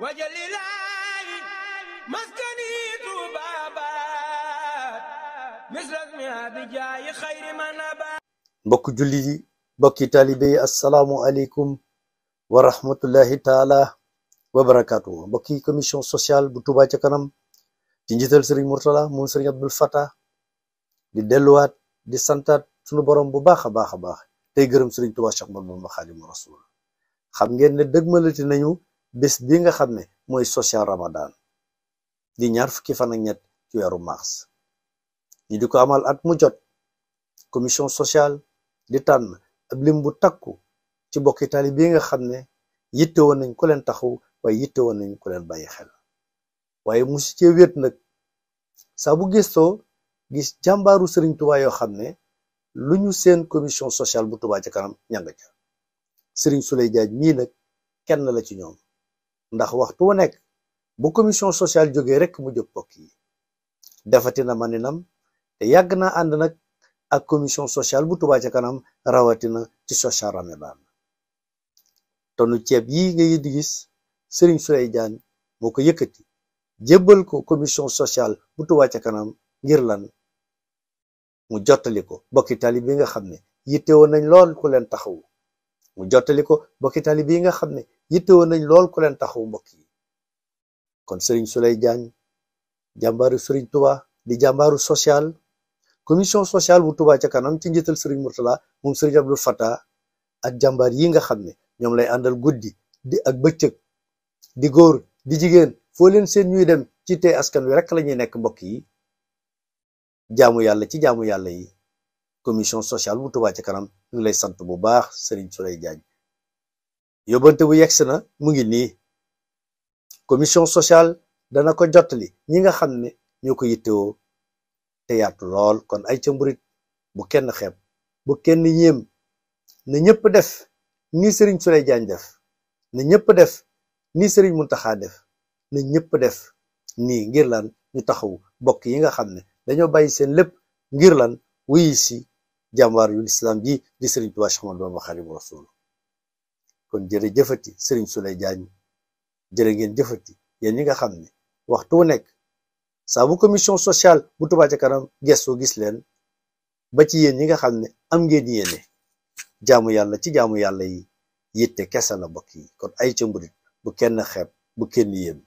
wajalilaayi maskani tubaabaat misrasmi abijaayi xayri manabaat mbokk julli yi mbokki taalibe yi assalaamu aleykum wa rahmatullahi taala wa barakaatu mbokki commission sociale bu Touba kanam ci njital sëriñ Mourtala moom sëriñ Abdul Fattah di delluwaat di santaat sunu borom bu baax a baax a baax tey gërëm sëriñ Touba Cheikh Mouhamadou Xaadimu Rasuul xam ngeen ne dëgmalati nañu bés bi nga xam ne mooy social ramadan di ñaar fukki fan ak ñett ci weeru mars ñu di ko amal at mu jot commission social di tànn ab lim bu takku ci bokki taalibe bi nga xam ne yitte woon nañ ku leen taxaw waaye yitte woon nañ ku leen bayyi xel waaye musu cee wét nag saa bu gëstoo gis jàmbaaru sëriñ Tuubaa yoo xam ne lu ñu seen commission sociale bu Tuubaa ca kanam ñanga ca sëriñ Suley Jaaj mii nag kenn la ci ñoom ndax waxtu wu nekk bu commission sociale jógee rek mu jóg mbokk yi defati na maninam te yàgg na ànd nag ak commission sociale bu Touba ca kanam rawatina ci social Ramadan tonu ceeb yi nga di gis Serigne Souleye Diagne moo ko yëkkati jébbal ko commission sociale bu Touba ca kanam ngir lan mu jottali ko bokki talibi nga xam ne yitte woon nañ lool ku leen taxawu mu jottali bokki taalibe nga xam ne yittewoo nañ lool ku leen taxaw mbokk yi kon Serigne Souleye Diagne jàmbaaru Serigne Touba di jàmbaaru social commission sociale wu Touba ca kanam ci njiital Serigne Mourtala moom Serigne Abdou Fattah ak jàmbaar yi nga xam ne ñoom lay àndal guddi di ak bëccëg di góor di jigéen foo leen seen ñuy dem ci te askan wi rek la ñuy nekk mbokk yi jaamu yàlla ci jaamu yàlla yi commission sociale bu Touba ca kanam ñu lay sant bu baax Serigne Souleye Diagne yóbbante bu yegsi na mu ngi nii commission sociale dana ko jottali ñi nga xam ne ñoo ko yittewoo te yaatu lool kon ay ca mburit bu kenn xep bu kenn yéem na ñëpp def ni sëriñ Suley Jaañ ñëpp def ni sëriñ Muntaxa def na ñëpp def nii ngir lan ñu taxaw bokk yi nga xam ne dañoo bàyyi seen lépp ngir lan wuyi si jàmbaar yu lislaam ji di sëriñ Tuubaa Séex Ahmadu Bamba Xaadimu Rasuul kon jërë jëfati Serigne Souleye Diagne jërë ngeen jëfati yéen ñi nga xam ne waxtu wu nekk saa bu commission sociale bu Touba ca kanam gestu gisleen ba ci yéen ñi nga xam ne am ngeen yéene jaamu yàlla ci jaamu yàlla yi yitte kese la bokk yi kon ay ca mburit bu kenn xeeb bu kenn yéem